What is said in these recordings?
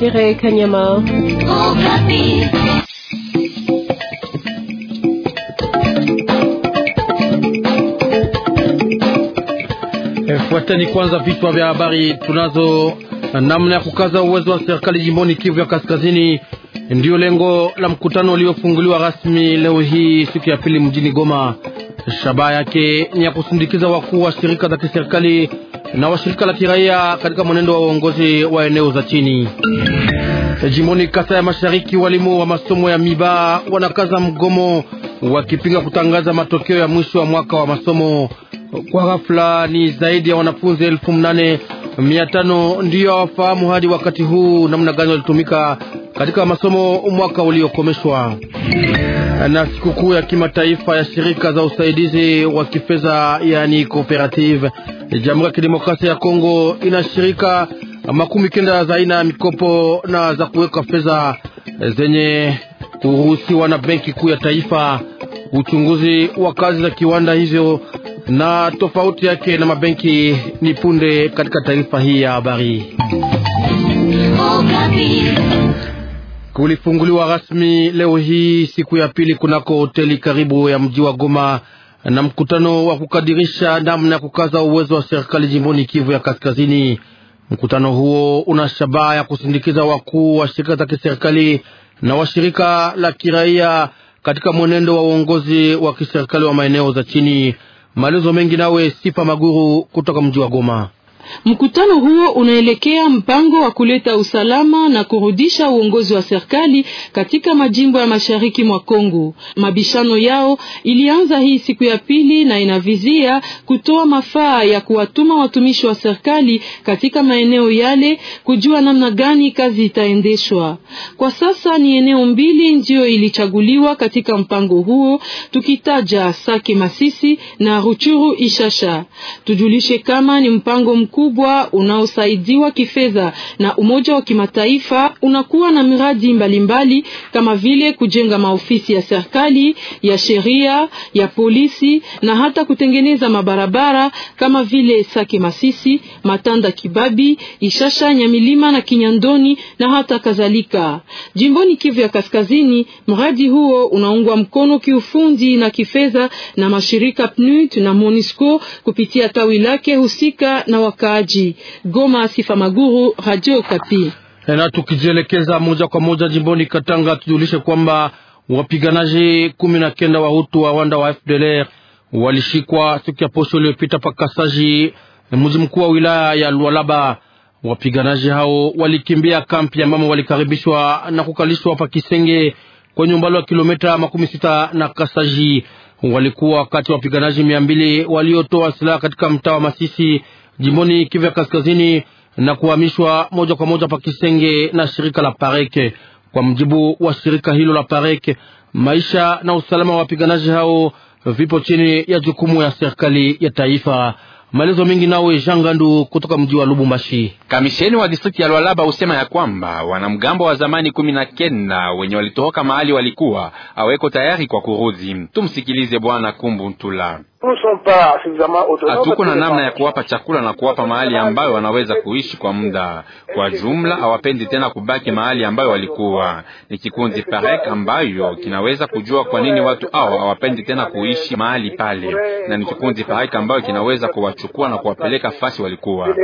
Desire Kanyama. E, fuateni kwanza vichwa vya habari tunazo. Namna ya kukaza uwezo wa serikali jimboni Kivu ya Kaskazini ndiyo lengo la mkutano uliofunguliwa rasmi leo hii siku ya pili mjini Goma. Shabaha yake ni ya kusindikiza wakuu wa shirika za kiserikali na washirika la kiraia katika mwenendo wa uongozi wa eneo za chini. E, Jimoni Kasa ya Mashariki, walimu wa masomo ya Miba wanakaza mgomo wakipinga kutangaza matokeo ya mwisho wa mwaka wa masomo. Kwa ghafla, ni zaidi ya wanafunzi elfu mnane mia tano ndiyo hawafahamu hadi wakati huu namna gani walitumika katika masomo mwaka uliokomeshwa. Na sikukuu ya kimataifa ya shirika za usaidizi wa kifedha, yani cooperative, Jamhuri ya Kidemokrasia ya Kongo inashirika makumi kenda za aina ya mikopo na za kuweka fedha eh, zenye kuruhusiwa na benki kuu ya taifa. Uchunguzi wa kazi za kiwanda hivyo na tofauti yake na mabenki ni punde katika taarifa hii ya habari. Kulifunguliwa rasmi leo hii siku ya pili kunako hoteli karibu ya mji wa Goma na mkutano wa kukadirisha namna ya kukaza uwezo wa serikali jimboni Kivu ya Kaskazini. Mkutano huo una shabaha ya kusindikiza wakuu wa shirika za kiserikali na washirika la kiraia katika mwenendo wa uongozi wa kiserikali wa maeneo za chini. Maelezo mengi nawe Sipa Maguru kutoka mji wa Goma. Mkutano huo unaelekea mpango wa kuleta usalama na kurudisha uongozi wa serikali katika majimbo ya mashariki mwa Kongo. Mabishano yao ilianza hii siku ya pili na inavizia kutoa mafaa ya kuwatuma watumishi wa serikali katika maeneo yale kujua namna gani kazi itaendeshwa. Kwa sasa ni eneo mbili ndiyo ilichaguliwa katika mpango huo tukitaja Sake Masisi na Ruchuru Ishasha. Tujulishe kama ni mpango mkuu mkubwa unaosaidiwa kifedha na Umoja wa Kimataifa unakuwa na miradi mbalimbali mbali, kama vile kujenga maofisi ya serikali ya sheria ya polisi na hata kutengeneza mabarabara kama vile Sake Masisi, Matanda, Kibabi, Ishasha, Nyamilima na Kinyandoni na hata kadhalika. Jimboni Kivu ya Kaskazini, mradi huo unaungwa mkono kiufundi na kifedha na mashirika PNUD na MONUSCO kupitia tawi lake husika na waka wakaaji. Goma, Sifa Maguru, Radio Kapi. Na tukijielekeza moja kwa moja jimboni Katanga, tujulishe kwamba wapiganaji kumi na kenda wa Hutu wa wanda wa FDLR walishikwa siku ya posho iliyopita pakasaji mji mkuu wa wilaya ya Lualaba. Wapiganaji hao walikimbia kampi ambamo walikaribishwa na kukalishwa hapa Kisenge kwenye umbali wa kilomita makumi sita na Kasaji. Walikuwa kati ya wapiganaji mia mbili waliotoa silaha katika mtaa wa Masisi jimboni Kivu ya kaskazini na kuhamishwa moja kwa moja pakisenge na shirika la Pareke. Kwa mjibu wa shirika hilo la Pareke, maisha na usalama wa wapiganaji hao vipo chini ya jukumu ya serikali ya taifa. Maelezo mengi nawe Gandu kutoka mji wa Lubumbashi. Kamisheni wa distrikti ya Lwalaba husema ya kwamba wanamgambo wa zamani kumi na kenda wenye walitoroka mahali walikuwa aweko tayari kwa kurudi. Tumsikilize Bwana Kumbu Ntula. Hatuko na namna ya kuwapa chakula na kuwapa mahali ambayo wanaweza kuishi kwa muda. Kwa jumla, hawapendi tena kubaki mahali ambayo walikuwa. Ni kikundi parek ambayo kinaweza kujua kwa nini watu hao hawapendi tena kuishi mahali pale, na ni kikundi parek ambayo kinaweza kuwachukua na kuwapeleka fasi walikuwa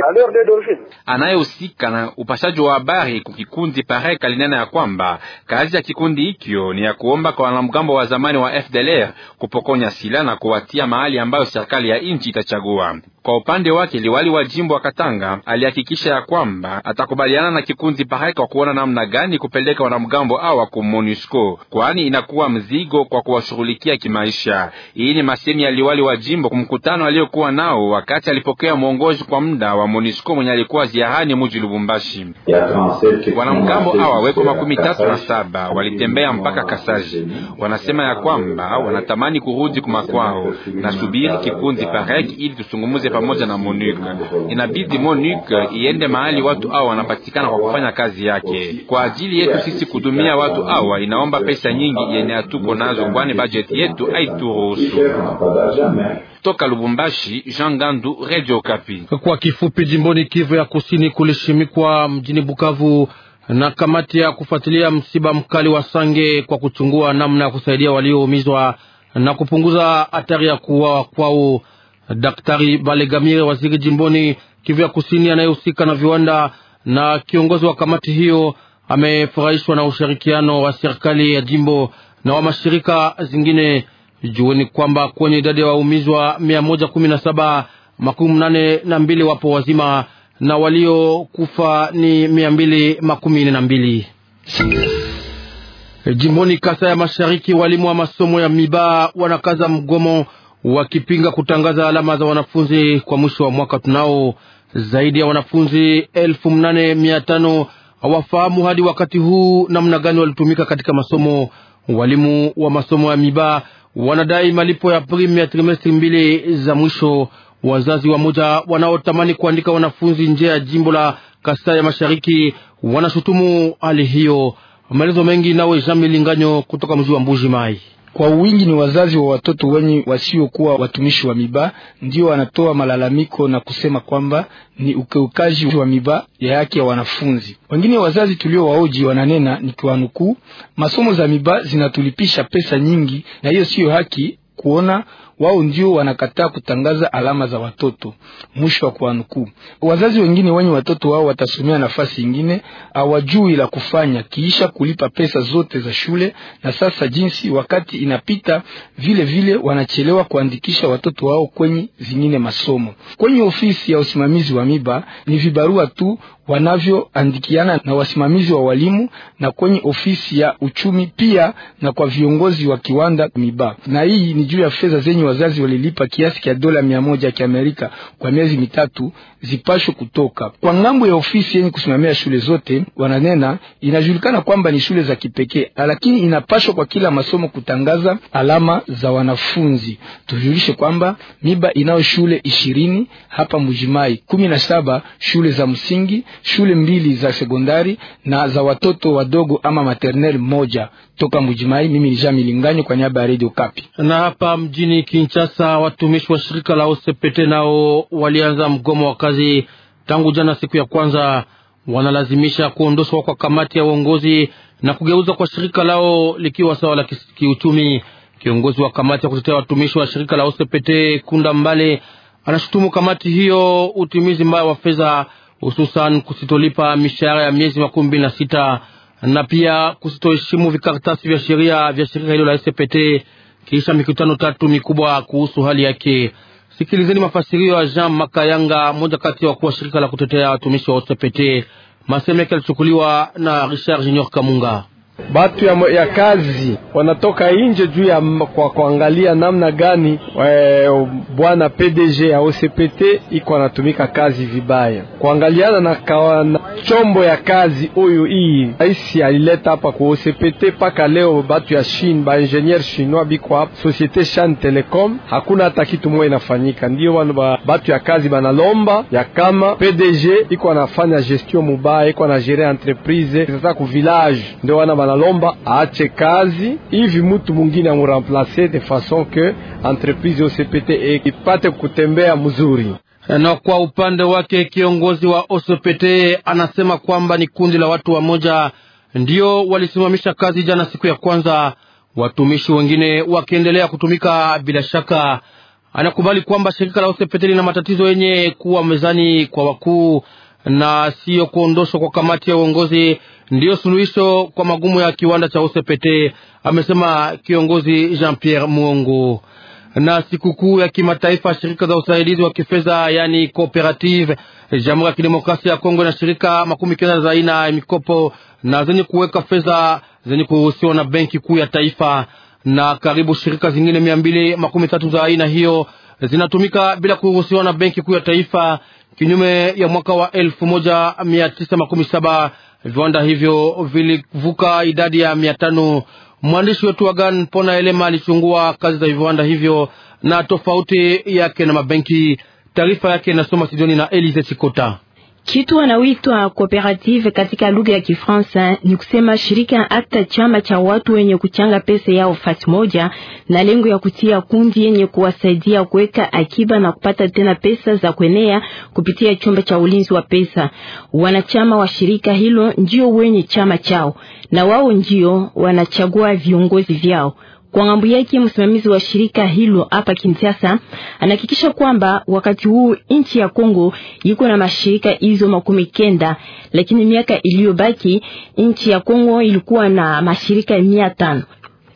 anayehusika na upashaji wa habari kikundi Parek alinena ya kwamba kazi ya kikundi hikyo ni ya kuomba kwa wanamgambo wa zamani wa FDLR kupokonya silaha na kuwatia mahali ambayo serikali ya nchi itachagua. Kwa upande wake liwali wa jimbo wa Katanga alihakikisha ya kwamba atakubaliana na kikundi Parek kwa kuona namna gani kupeleka wanamgambo awa ku MONUSCO, kwani inakuwa mzigo kwa kuwashughulikia kimaisha. Hii ni masemi ya liwali wa jimbo kumkutano aliyokuwa nao wakati alipokea mwongozi kwa muda wa MONUSCO mwenye alikuwa ziarani muji Lubumbashi. Wanamgambo awa weko makumi tatu na saba walitembea mpaka Kasaji. Wanasema ya kwamba wanatamani kurudi kumakwao. Nasubiri kikundi Parek ili tusungumuze pamoja na MONUC. Inabidi MONUC iende mahali watu awa wanapatikana kwa kufanya kazi yake. Kwa ajili yetu sisi kudumia watu awa inaomba pesa nyingi yenye hatuko nazo, kwani bajeti yetu haituruhusu. Toka Lubumbashi, Jean Gandu, Radio Kapi. Kwa kifupi, jimboni Kivu ya Kusini kulishimikwa mjini Bukavu na kamati ya kufuatilia msiba mkali wa Sange kwa kuchungua namna ya kusaidia walioumizwa na kupunguza hatari ya kuuawa kwao. Daktari Balegamire, waziri jimboni Kivu ya Kusini anayehusika na viwanda na kiongozi wa kamati hiyo, amefurahishwa na ushirikiano wa serikali ya jimbo na wa mashirika zingine. Jueni kwamba kwenye idadi ya waumizwa mia moja kumi na saba makumi nane na mbili wapo wazima na waliokufa ni mia mbili makumi na mbili. Jimboni Kasa ya Mashariki, walimu wa masomo ya Miba wanakaza mgomo wakipinga kutangaza alama za wanafunzi kwa mwisho wa mwaka. Tunao zaidi ya wanafunzi elfu mnane mia tano hawafahamu hadi wakati huu namna gani walitumika katika masomo. Walimu wa masomo ya miba wanadai malipo ya primi ya trimestri mbili za mwisho. Wazazi wa moja wanaotamani kuandika wanafunzi nje ya jimbo la Kasai ya Mashariki wanashutumu hali hiyo. Maelezo mengi nawe Jean Milinganyo kutoka mji wa Mbuji Mai kwa wingi ni wazazi wa watoto wenye wasiokuwa watumishi wa mibaa ndio wanatoa malalamiko na kusema kwamba ni ukeukaji wa mibaa ya haki ya wanafunzi. Wengine wazazi tulio waoji wananena, nikiwanukuu, masomo za mibaa zinatulipisha pesa nyingi, na hiyo siyo haki kuona wao ndio wanakataa kutangaza alama za watoto. Mwisho wa kuanukuu. Wazazi wengine wenye watoto wao watasomea nafasi ingine hawajui la kufanya kiisha kulipa pesa zote za shule, na sasa jinsi wakati inapita vile vile wanachelewa kuandikisha watoto wao kwenye zingine masomo. Kwenye ofisi ya usimamizi wa miba ni vibarua tu wanavyoandikiana na wasimamizi wa walimu na kwenye ofisi ya uchumi pia na kwa viongozi wa kiwanda miba, na hii ni juu ya fedha zenye wazazi walilipa kiasi cha dola mia moja ya kiamerika kwa miezi mitatu zipashwe kutoka kwa ngambo ya ofisi yenye kusimamia shule zote. Wananena inajulikana kwamba ni shule za kipekee, lakini inapashwa kwa kila masomo kutangaza alama za wanafunzi. Tujulishe kwamba miba inayo shule ishirini hapa Mujimai, kumi na saba shule za msingi, shule mbili za sekondari na za watoto wadogo ama maternel moja. Toka Mujimai, mimi ni Jean Milinganyo kwa niaba ya Radio Kapi na hapa mjini Kinshasa, watumishi wa shirika la Osepete nao walianza mgomo wa kazi tangu jana, siku ya kwanza. Wanalazimisha kuondoshwa kwa kamati ya uongozi na kugeuza kwa shirika lao likiwa sawa la kiuchumi. Kiongozi wa kamati ya kutetea watumishi wa shirika la Osepete Kunda Mbale anashutumu kamati hiyo utimizi mbaya wa fedha, hususan kusitolipa mishahara ya miezi makumi mbili na sita na pia kusitoheshimu vikaratasi vya sheria vya shirika hilo la SPT kisha mikutano tatu mikubwa kuhusu hali yake. Sikilizeni mafasirio ya Jean Makayanga, mmoja kati ya wakuu wa shirika la kutetea watumishi wa OCPT, maseme yake yalichukuliwa na Richard Junior Kamunga. Batu ya, ya kazi wanatoka nje juu ya kwa kuangalia namna gani eh, bwana PDG ya OCPT iko anatumika kazi vibaya, kuangaliana na, kwa, na chombo ya kazi huyu hii rais alileta hapa kwa OCPT. Paka leo batu ya Chine ba engineer chinois biko hapa societe Chan Telecom, hakuna hata kitu moja inafanyika. Ndio batu ya kazi banalomba ya kama PDG iko anafanya gestion mubaya, iko anajere entreprise ku village ndio wana wanalomba aache kazi hivi mutu mwingine amuremplace de fason ke entreprise OCPT ipate kutembea mzuri. Na kwa upande wake kiongozi wa OCPT anasema kwamba ni kundi la watu wamoja ndio walisimamisha kazi jana siku ya kwanza, watumishi wengine wakiendelea kutumika bila shaka. Anakubali kwamba shirika la OCPT lina matatizo yenye kuwa mezani kwa wakuu na siyo kuondoshwa kwa kamati ya uongozi ndiyo suluhisho kwa magumu ya kiwanda cha OCPT, amesema kiongozi Jean Pierre Muongo. Na sikukuu ya kimataifa shirika za usaidizi wa kifedha yani cooperative, Jamhuri ya Kidemokrasia ya Kongo na shirika makumi kenda za aina ya mikopo na zenye kuweka fedha zenye kuruhusiwa na benki kuu ya taifa, na karibu shirika zingine mia mbili makumi tatu za aina hiyo zinatumika bila kuruhusiwa na benki kuu ya taifa, kinyume ya mwaka wa elfu moja mia tisa makumi saba Viwanda hivyo vilivuka idadi ya mia tano. Mwandishi wetu Gan Pona Elema alichungua kazi za viwanda hivyo na tofauti yake na mabenki. Taarifa yake inasoma studioni na Elize Chikota. Kitu anaoitwa cooperative katika lugha ya Kifaransa ni kusema shirika hata chama cha watu wenye kuchanga pesa yao fasi moja, na lengo ya kutia kundi yenye kuwasaidia kuweka akiba na kupata tena pesa za kuenea kupitia chumba cha ulinzi wa pesa. Wanachama wa shirika hilo ndio wenye chama chao na wao ndio wanachagua viongozi vyao. Kwa ngambo yake, msimamizi wa shirika hilo hapa Kinshasa anahakikisha kwamba wakati huu nchi ya Kongo iko na mashirika hizo makumi kenda, lakini miaka iliyobaki nchi ya Kongo ilikuwa na mashirika mia tano.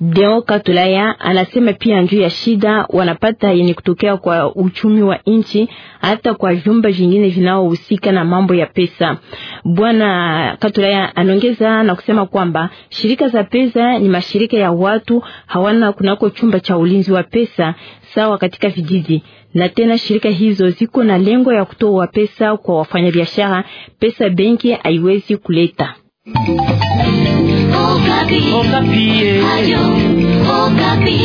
Deo Katulaya anasema pia njuu ya shida wanapata yenye kutokea kwa uchumi wa nchi, hata kwa vyumba vingine vinaohusika na mambo ya pesa. Bwana Katulaya anaongeza na kusema kwamba shirika za pesa ni mashirika ya watu hawana kunako chumba cha ulinzi wa pesa sawa katika vijiji na tena shirika hizo ziko na lengo ya kutoa pesa kwa wafanyabiashara, pesa benki haiwezi kuleta Okapi.